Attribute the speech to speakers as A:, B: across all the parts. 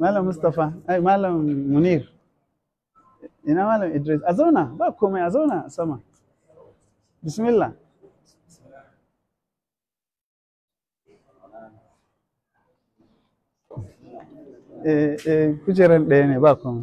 A: مالهم مصطفى اي مالهم منير هنا مالهم ادريس ازونا باكو ما ازونا سامع bismillah eh eh ɗaya ne ba kuma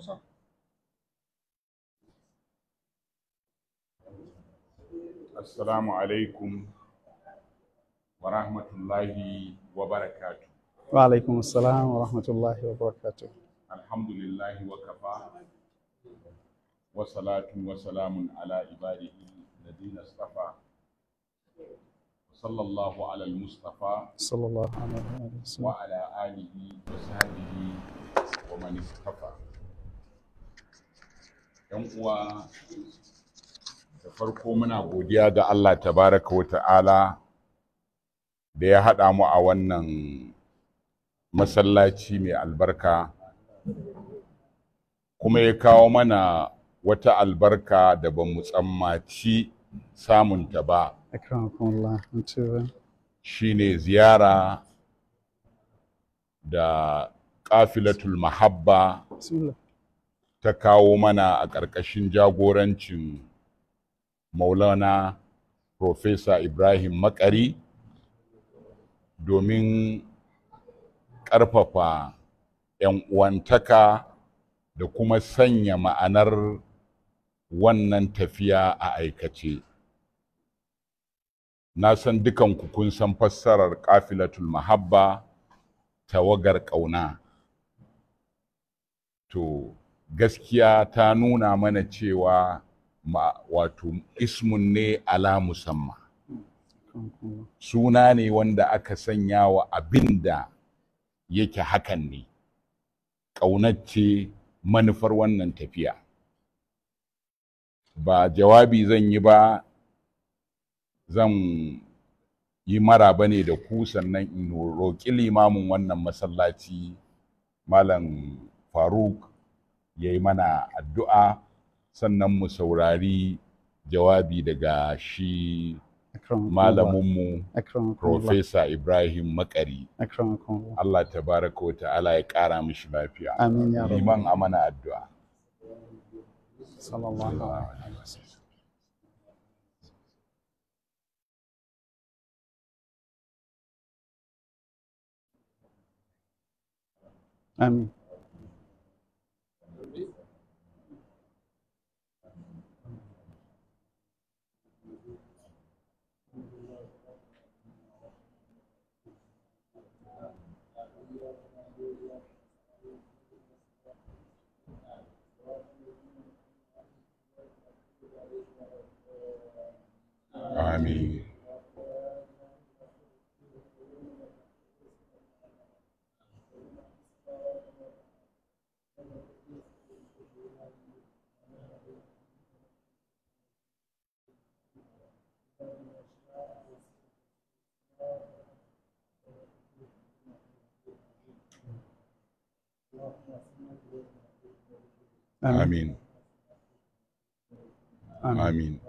B: kusa assalamu alaikum wa rahmatullahi wa barakatu
A: wa alaikum assalam wa rahmatullahi wa
B: barakatu alhamdulillahi wa kafa wa salatu wa salamun ala ibadihi ladina astafa صلى الله على المصطفى صلى الله عليه وسلم وعلى آله وصحبه ومن اصطفى yan uwa da farko muna godiya ga Allah tabaraka wa ta'ala da ya haɗa mu a wannan masallaci mai albarka kuma ya kawo mana wata albarka da ba mu tsammaci samunta ba shi ne ziyara da ƙafilatul mahabba ta kawo mana a ƙarƙashin jagorancin maulana Profesa Ibrahim Makari domin ƙarfafa 'yan uwantaka da kuma sanya ma'anar wannan tafiya a aikace. Na san dukanku kun san fassarar ƙafilatul mahabba tawagar ƙauna. To, gaskiya ta nuna mana cewa wato ismun ne ala musamma suna ne wanda aka sanya wa abinda yake hakan ne ƙaunace manufar wannan tafiya ba jawabi zan yi ba zan yi mara ba ne da ku sannan in roƙi limamin wannan masallaci malam faruk ya yi mana addu'a sannan mu saurari jawabi daga shi malaminmu
A: Profesa
B: Ibrahim Makari. Allah ta baraka wa ta'ala ya ƙara mishi lafiya. Liman amana addu'a. Amin. I mean, I mean, I mean, I mean.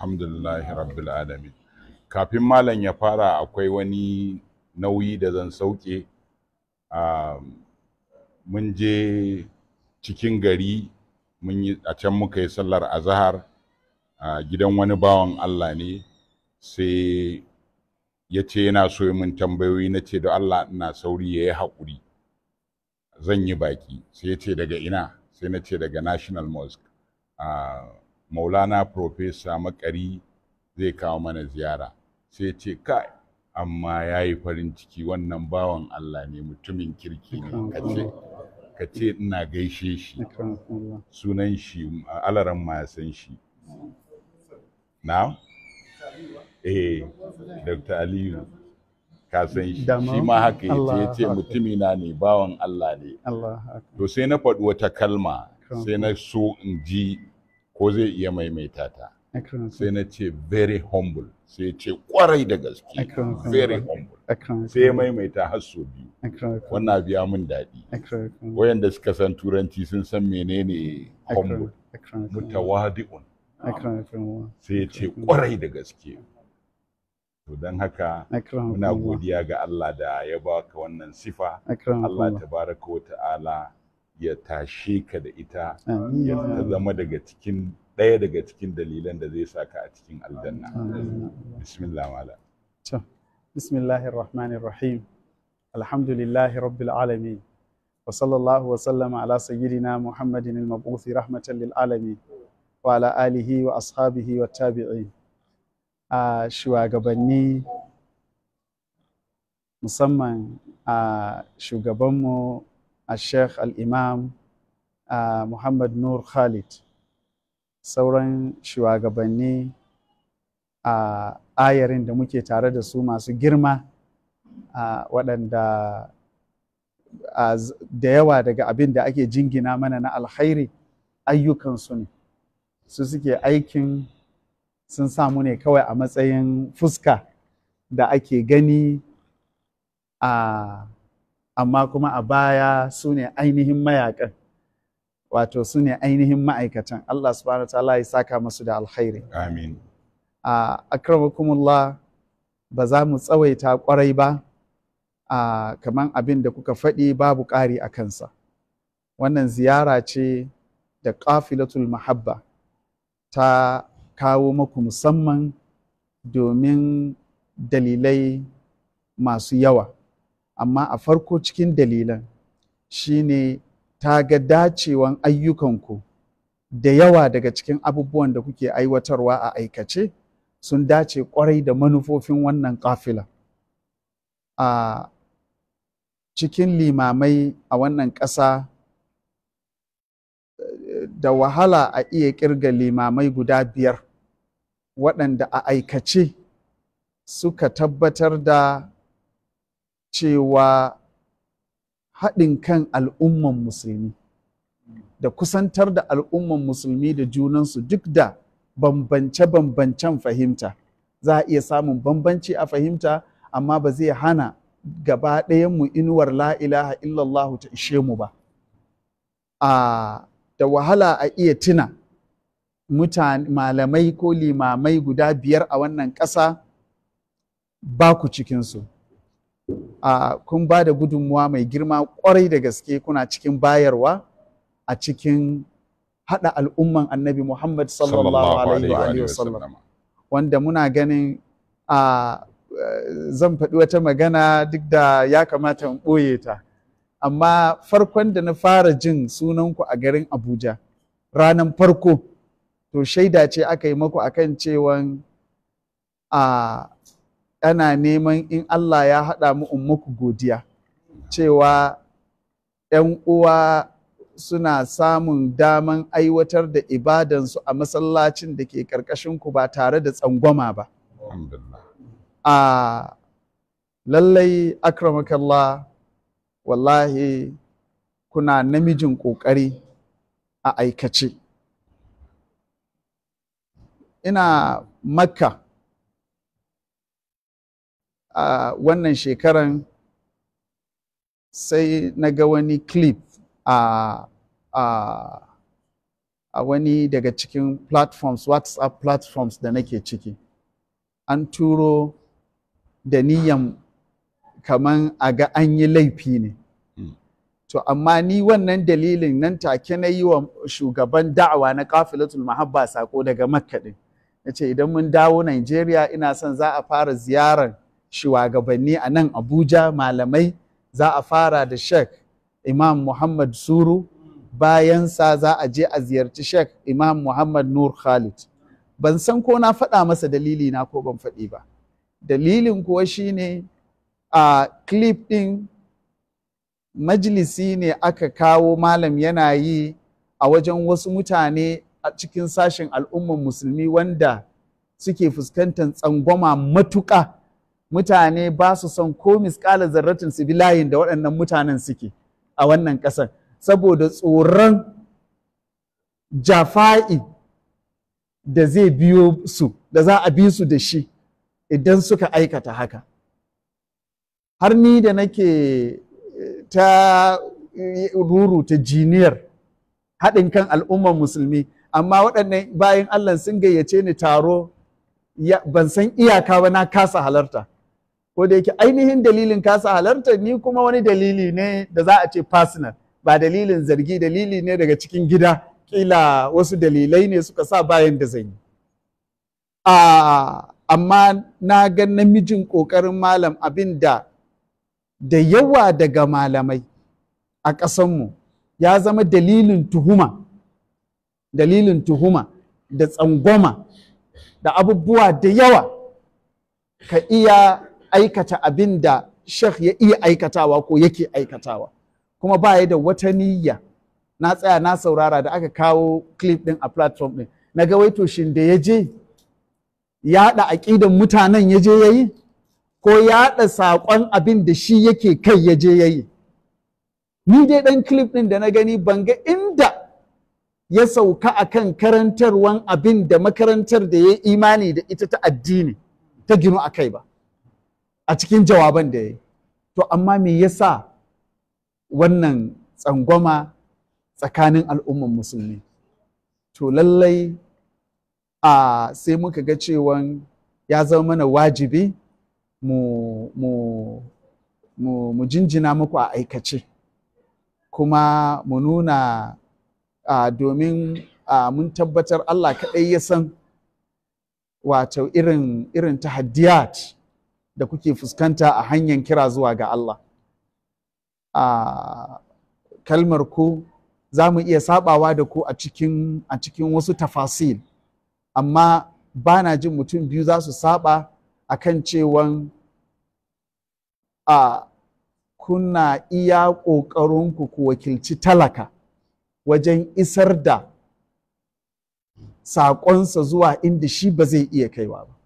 B: alhamdulillahi rabbil alamin kafin malam ya fara akwai wani nauyi da zan sauke mun je cikin gari mun yi a can muka yi sallar azahar a gidan wani bawan Allah ne sai ya ce yana so mun tambayoyi na ce da Allah ina sauri ya yi haƙuri zan yi baƙi, sai ya ce daga ina sai na ce daga national mosque maulana profesa makari zai kawo mana ziyara sai ce kai amma ya yi farin ciki wannan bawan allah ne mutumin kirki ne kace kace ina gaishe shi sunan shi alaran ma san shi na eh dr aliyu ka san shi shi ma haka ya ce mutumina ne bawan allah ne to sai na faɗi wata kalma sai na so in ji ko zai iya maimaita ta sai na ce very humble sai ya ce kwarai da gaske very humble sai ya maimaita har sau biyu wannan biya mun daɗi wayanda suka san turanci sun san menene humble mutawadi'un
A: sai ya ce kwarai da
B: gaske to don haka
A: muna godiya
B: ga Allah da ya baka wannan sifa Allah Ta baraka wa ta'ala ya tashe ka da ita ya zama daga cikin ɗaya daga cikin dalilan da zai saka a cikin aljanna bismillah mala
A: bismillahir rahmanir rahim alhamdulillahi rabbil alamin wa sallallahu wa sallama ala sayyidina muhammadin al-mab'uth rahmatan lil alamin wa ala alihi wa ashabihi wa tabi'in a shugabanni musamman a shugabanmu al-sheikh al-imam uh, muhammad nur khalid sauran shugabanni a uh, ayarin da muke tare da su masu girma uh, waɗanda da yawa daga abin da ake jingina mana na alkhairi ayyukansu ne su suke aikin sun samu ne kawai a matsayin fuska da ake gani a amma kuma a baya su ne ainihin mayakan wato su ne ainihin ma'aikatan Allah subhanahu wa ta'ala ya saka masu da alkhairi amin a akramakumullah ba za mu tsawaita kwarai ba a kaman abin da kuka faɗi babu ƙari a kansa wannan ziyara ce da ƙafilatul mahabba ta kawo maku musamman domin dalilai masu yawa amma a farko cikin dalilan shine ta ga dacewan ayyukanku da yawa daga cikin abubuwan da kuke aiwatarwa a aikace sun dace kwarai da manufofin wannan kafila a cikin limamai a wannan ƙasa da wahala a iya ƙirga limamai guda biyar waɗanda a aikace suka tabbatar da cewa haɗin kan al'umman musulmi da kusantar da al'umman musulmi da junansu duk da bambance-bambancen fahimta za a iya samun bambanci a fahimta amma ba zai hana gaba mu inuwar la'ilaha illallahu ta ishe mu ba a da wahala a iya tuna mutane malamai ko limamai guda biyar a wannan ƙasa ba ku cikinsu kun ba da gudunmuwa mai girma kwarai da gaske kuna cikin bayarwa a cikin haɗa al'umman annabi Muhammad sallallahu alaihi wa sallam wanda muna ganin a zan faɗi wata magana duk da ya kamata in ɓoye ta amma farkon da na fara jin sunanku a garin Abuja ranan farko to shaida ce aka yi maku akan cewan a ana neman in Allah ya haɗa mu in godiya cewa ‘yan uwa suna samun daman aiwatar da ibadansu a masallacin da ke ku ba tare da tsangwama ba. A lallai akramakallah wallahi kuna namijin ƙoƙari a aikace. Ina makka a wannan shekaran sai na ga wani clip a a wani daga cikin platforms whatsapp platforms da nake ciki an turo da niyan kaman a ga an yi laifi ne hmm. to amma ni wannan dalilin nan take na yi wa shugaban da'awa na kafilatul mahabba sako daga makka din ce idan mun dawo Najeriya ina son za a fara ziyarar shugabanni a nan Abuja malamai za a fara da Sheikh Imam Muhammad Suru bayansa za a je a ziyarci Sheikh Imam Muhammad Nur Khalid. Ban san ko na faɗa masa dalili na ko ban faɗi ba. Dalilin kuwa shine a clip ɗin majalisi ne aka kawo malam yana yi a wajen wasu mutane a cikin sashen al'ummar musulmi wanda suke fuskantar tsangwama matuƙa. mutane ba su son ko miskala zarratin su layin da waɗannan mutanen suke a wannan ƙasar saboda tsoron jafa'i da zai biyo su da za a bi su da shi idan suka aikata haka har ni da nake eh, ta eh, ruru ta jiniyar haɗin kan al'ummar musulmi amma waɗannan bayan allah sun gayyace ni taro ban san iyaka ba na kasa halarta ko da yake ainihin dalilin kasa halarta ni kuma wani dalili ne da za a ce personal ba dalilin zargi dalili ne daga cikin gida kila wasu dalilai ne suka sa bayan da zan yi amma na ga namijin ƙoƙarin malam abin da da yawa daga malamai a ƙasanmu ya zama dalilin tuhuma dalilin tuhuma da tsangwama da abubuwa da yawa ka iya aikata abin da shek ya iya aikatawa ko yake aikatawa kuma ba ya da wata niyya na tsaya na saurara da aka kawo clip din a platform din na ga wai to shin da ya je ya da aƙidan mutanen ya je ya yi ko ya da saƙon abin da shi yake kai ya je ya yi ni dai ɗan clip ɗin da na gani ban ga inda ya sauka akan karantarwan abin da makarantar da ya imani da ita ta addini ta ginu a kai ba a cikin jawaban da ya to amma me yasa wannan tsangwama tsakanin al'umman musulmi to lallai a sai muka ga cewan ya zama mana wajibi mu, mu, jinjina muku a aikace kuma mu nuna domin mun tabbatar Allah kaɗai ya san wato irin, irin tahaddiyat da kuke fuskanta a hanyar kira zuwa ga Allah a kalmar ku za mu iya sabawa da ku a cikin wasu tafasil amma ba na jin mutum biyu za su saba a kan cewan a kuna iya ƙoƙarinku ku wakilci talaka wajen isar da saƙonsa zuwa inda shi ba zai iya kaiwa ba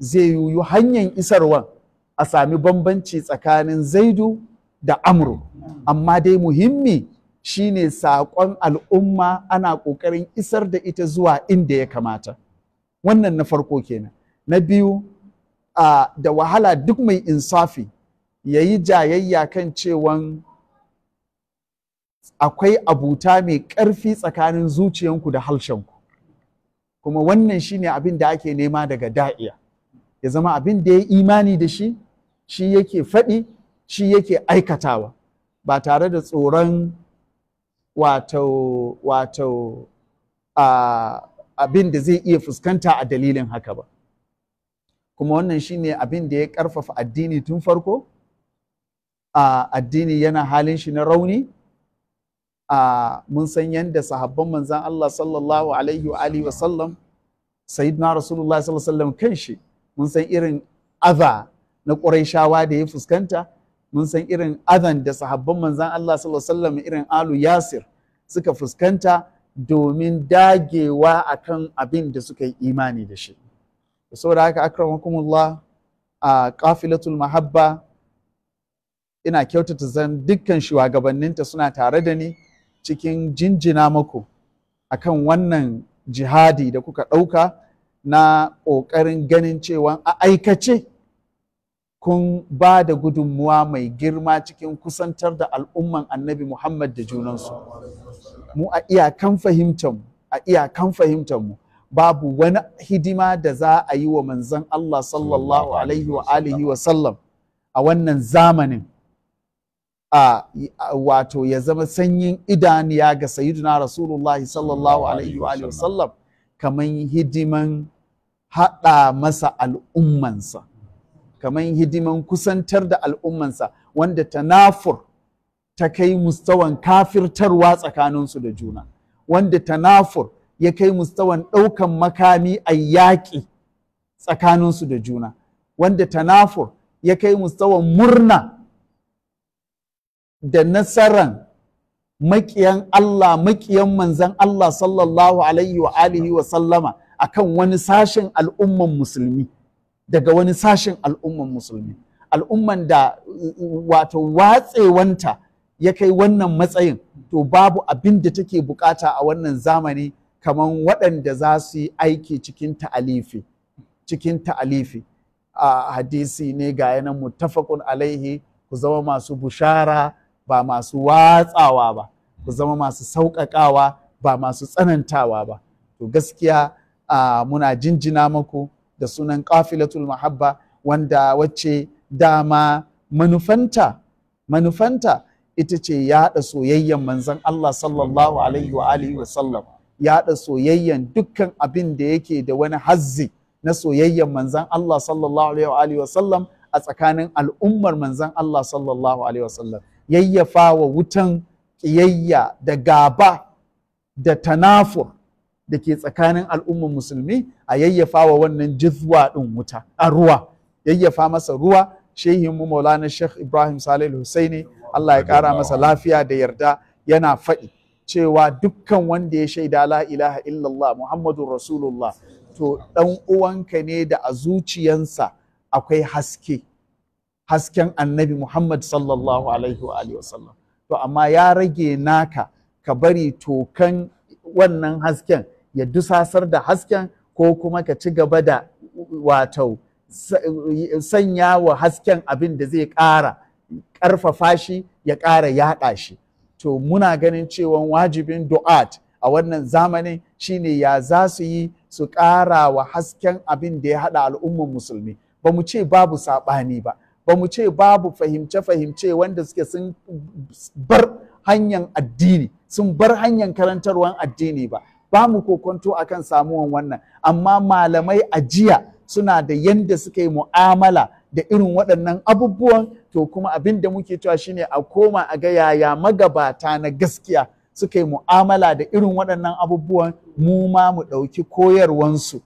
A: zai yiwu hanyar isarwa a sami bambanci tsakanin zaidu da amru amma dai muhimmi shine saƙon al'umma ana ƙoƙarin isar da ita zuwa inda ya kamata wannan na farko kenan na biyu da wahala duk mai insafi ya yi jayayya kan cewan akwai abuta mai ƙarfi tsakanin zuciyanku da halshenku kuma wannan shine abin da ake nema daga da'iya ya zama abin da ya imani da shi shi yake faɗi shi yake aikatawa ba tare da tsoron wato abin da zai iya fuskanta a dalilin haka ba kuma wannan shi ne abin da ya ƙarfafa addini tun farko addini yana halin shi na rauni mun san yadda sahabban manzan Allah sallallahu alaihi wa sallam sayyidina rasulullah sallallahu alaihi wa sallam kan shi mun san irin aza na ƙurayshawa da ya fuskanta mun san irin azan da sahabban manzan Allah sallallahu alaihi wasallam irin alu yasir suka fuskanta domin dagewa akan abin da suka yi imani da shi saboda haka akramakumullah a kafilatul mahabba ina kyautata zan dukkan shugabanninta suna tare da ni cikin jinjina mako akan wannan jihadi da kuka ɗauka na ƙoƙarin ganin cewa a aikace kun ba da gudunmuwa mai girma cikin kusantar da al'umman annabi Muhammad da junansu. Mu a iyakan fahimtarmu, a iyakan fahimtarmu, babu wani hidima da za a yi wa manzan Allah sallallahu alaihi wa alihi wa sallam a wannan zamanin. A wato ya zama sanyin idaniya ga sayiduna Rasulullahi sallallahu alaihi wa sallam. kamar hidiman haɗa masa al'ummansa kamar hidiman kusantar da al'ummansa wanda tanafur ta kai mustawan kafirtarwa tsakaninsu da juna wanda tanafur ya kai mustawan ɗaukan makami a yaƙi tsakaninsu da juna wanda tanafur ya kai mustawan murna da nasaran maƙiyan Allah maƙiyan manzan Allah sallallahu alaihi wa wa sallama akan wani sashen al'umman musulmi daga wani sashen al'umman musulmi al'umman da wato watsewanta ya kai wannan matsayin to babu abin da take bukata a wannan zamani kamar waɗanda za su yi aiki cikin ta'alifi cikin ta'alifi a hadisi ne ga yanan muttafaqun alaihi ku zama masu bushara ba masu watsawa ba ku zama masu sauƙaƙawa ba masu tsanantawa ba to gaskiya muna jinjina maku da sunan kafilatul mahabba wanda wacce dama manufanta manufanta ita ce yaɗa soyayyen manzon Allah sallallahu alaihi wa alihi wa sallam yaɗa soyayyen dukkan abin da yake da wani hazzi na soyayyen manzon Allah sallallahu alaihi wa alihi wa sallam a tsakanin al'ummar manzon Allah sallallahu alaihi wa sallam yayyafa wa wutan ƙiyayya da gaba da tanafur da ke tsakanin al'ummar musulmi a yayyafa wa wannan jizwa ɗin wuta a ruwa yayyafa masa ruwa shehin mu maulana sheikh ibrahim salil husaini allah ya ƙara masa lafiya da yarda yana faɗi cewa dukkan wanda ya shaida la ilaha illallah muhammadun rasulullah to ɗan uwanka ne da a zuciyansa akwai haske hasken annabi Muhammad sallallahu alaihi wa alihi to amma ya rage naka ka bari tokan wannan hasken ya dusasar da hasken ko kuma ka ci gaba da wato sanya wa hasken abin da zai ƙara ƙarfafa shi ya ƙara yaɗa shi to muna ganin cewa wajibin du'at a wannan zamanin shine ya za su yi su ƙara wa hasken abin da ya haɗa al'ummar musulmi ba mu ce babu saɓani ba ba mu ce babu fahimce-fahimce wanda suke sun bar hanyar addini sun bar hanyar karantarwar addini ba ba mu kokonto kan samuwan wannan amma malamai a jiya suna da yadda suka yi mu'amala da irin waɗannan abubuwan to kuma abin da muke cewa shine a koma a ga yaya magabata na gaskiya suka yi mu'amala da irin waɗannan abubuwan mu ma mu ɗauki koyarwansu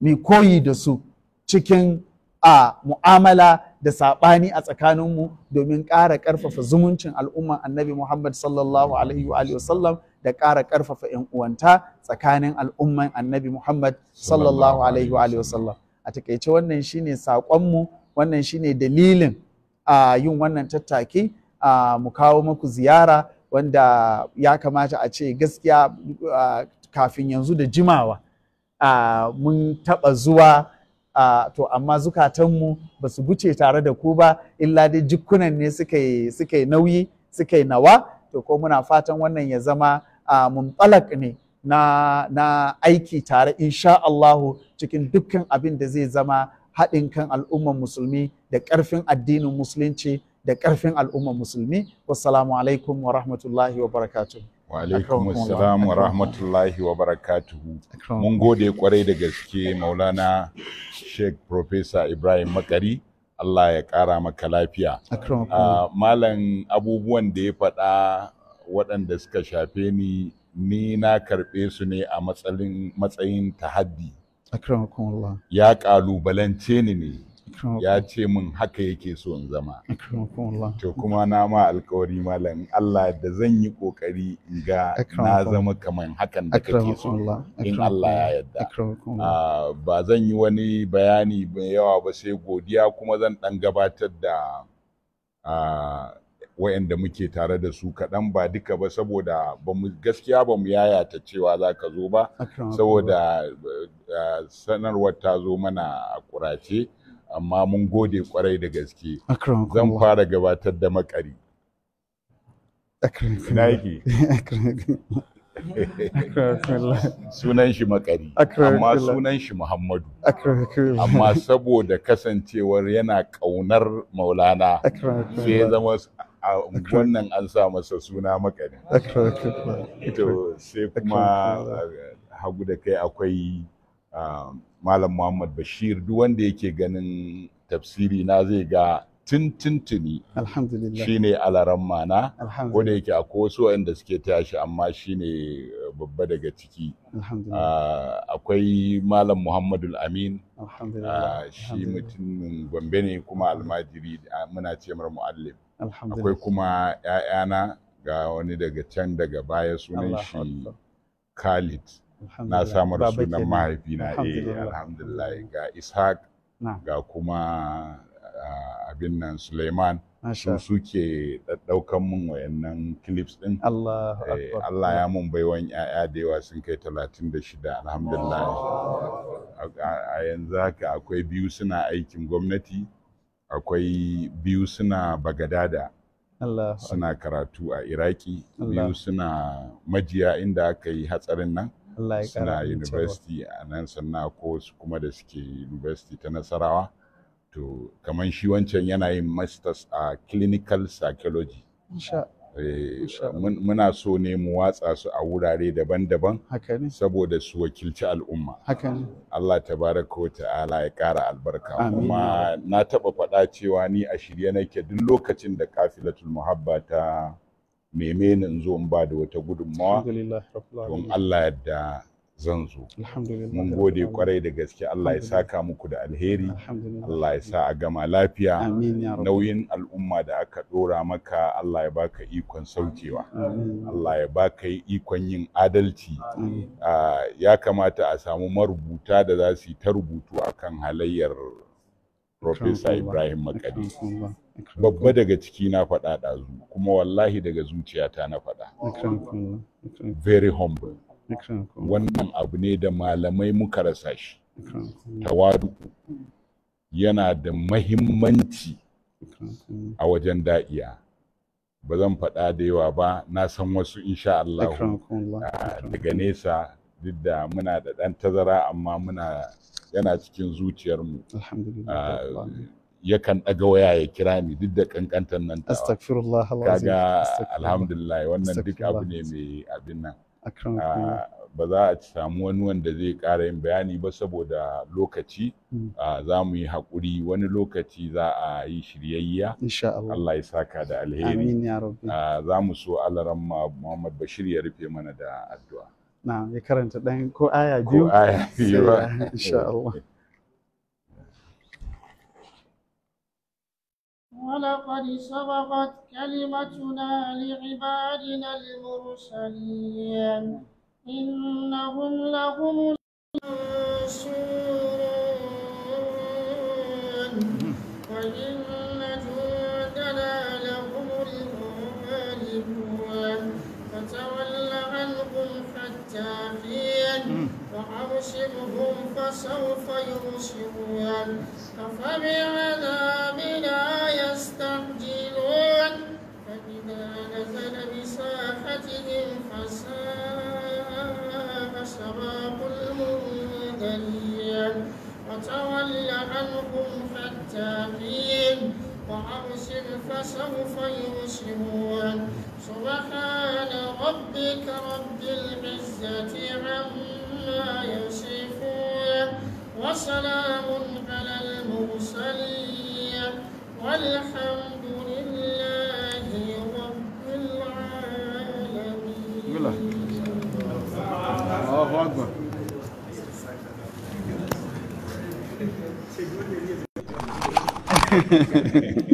A: mai koyi da su cikin a mu'amala da saɓani a tsakaninmu domin ƙara ƙarfafa zumuncin al'umman annabi Muhammad sallallahu alaihi wa sallam da ƙara ƙarfafa ‘yan uwanta tsakanin al'umman annabi Muhammad sallallahu alaihi wa sallam. A takaice wannan shine saƙonmu, wannan shine dalilin a yin wannan tattaki a mu kawo muku ziyara wanda ya kamata a ce gaskiya kafin yanzu da jimawa mun taɓa zuwa to amma zukatanmu ba su guce tare da ku ba illa dai jikunan ne suka yi nauyi suka yi nawa to ko muna fatan wannan ya zama mumtalak ne na, na aiki tare insha Allahu cikin dukkan abin da zai zama haɗin kan al'ummar musulmi da ƙarfin addinin musulunci da ƙarfin al'ummar musulmi wassalamu alaikum wa rahmatullahi wa barakatuh
B: Wa alaikum assalam wa rahmatullahi wa barakatuhu. Mun gode kwarai da gaske Maulana Sheikh Professor Ibrahim Makari. Allah ya ƙara maka lafiya. Ah, malam abubuwan da ya faɗa waɗanda suka shafe ni ni na karɓe su ne a matsayin tahaddi. Ya ƙalubalance ni ne. ya ce min haka yake so in zama to kuma na ma alkawari malam Allah da zan yi kokari in ga na zama kamar hakan da kake so in Allah ya yarda ah, ba zan yi wani bayani mai yawa ba sai godiya kuma zan dan gabatar da ah, wayanda muke tare da su kaɗan ba duka ba saboda gaskiya ba mu yayata cewa za ka zo ba saboda ah, sanarwar ta zo mana a kurace. amma mun gode kwarai da gaske zan fara gabatar da makari
A: yake sunan
B: shi makari amma sunan shi muhammadu amma saboda kasancewar yana ƙaunar maulana sai zama a wannan an sa masa suna makari to sai kuma hagu da kai akwai um, malam muhammad bashir duk wanda yake ganin tafsiri na zai ga tuntuntuni shine alaran mana ko da yake akwai wasu wanda suke tashi amma shine eh, babba daga ciki ah, akwai malam muhammadul amin ah, shi mutumin gombe ne kuma almajiri ah, muna ce mar muallim akwai kuma 'ya'yana ga wani daga can daga baya sunan shi khalid na samar sunan mahaifina eh alhamdulillah ga ishaq ga kuma abin nan suleiman su suke ɗaukan min wayannan clips ɗin eh, Allah ya mun baiwan 'ya'ya da yawa sun kai talatin da shida alhamdulillah a yanzu haka akwai biyu suna aikin gwamnati akwai biyu suna bagadada suna karatu a iraki biyu suna majiya inda aka yi hatsarin nan Allah ya suna university a nan sannan ko kuma da suke university ta nasarawa to kamar shi wancan yana yin masters a clinical psychology eh, muna so ne mu watsa su a wurare daban-daban saboda su wakilci al'umma Allah baraka wa ta'ala ya kara albarka kuma na taɓa faɗa cewa ni a shirye nake duk lokacin da kafilatul muhabba ta neme ni zo in ba da wata gudunmawa don Allah yadda zan zo mun gode kwarai da gaske Allah ya saka muku da alheri Allah ya sa a gama lafiya nauyin al'umma da aka ɗora maka Allah ya baka ikon saukewa Allah ya baka ikon yin adalci ah, ya kamata a samu marubuta da za su yi ta rubutu akan halayyar Profesa Ibrahim Makari. Babba daga ciki na faɗa ɗazu, kuma wallahi daga zuciyata na faɗa. Very humble. Wannan abu ne da malamai muka rasa shi. Tawadu yana da mahimmanci a wajen da'iya. Ba zan faɗa da yawa ba, na san wasu insha Allah ah, daga nesa duk da muna da ɗan tazara amma muna yana cikin zuciyarmu ah, yakan ɗaga waya ya kira ni duk da kankantar nan ta
A: kaga alhamdulillah wannan duk abu ne
B: mai abin nan ah, ba za a samu wani wanda zai ƙara yin bayani ba saboda lokaci hmm. ah, za mu yi haƙuri wani lokaci za a yi shiryayya Allah ya saka da alheri za mu so alaramma Muhammad Bashir ya rufe mana da addu'a
A: na'am ya karanta dan ko aya biyu ko aya biyu insha Allah ولقد سبقت كلمتنا لعبادنا المرسلين إنهم لهم المنصورون وإن
B: الكافرين فأبصرهم فسوف يبصرون أفبعذابنا يستعجلون فإذا نزل بساحتهم فساء سباق المنذرين وتول عنهم حتى حين وأبصر فسوف يبصرون سبحان ربك رب العزة عما يصفون وسلام على المرسلين والحمد لله رب العالمين الله
A: أكبر Thank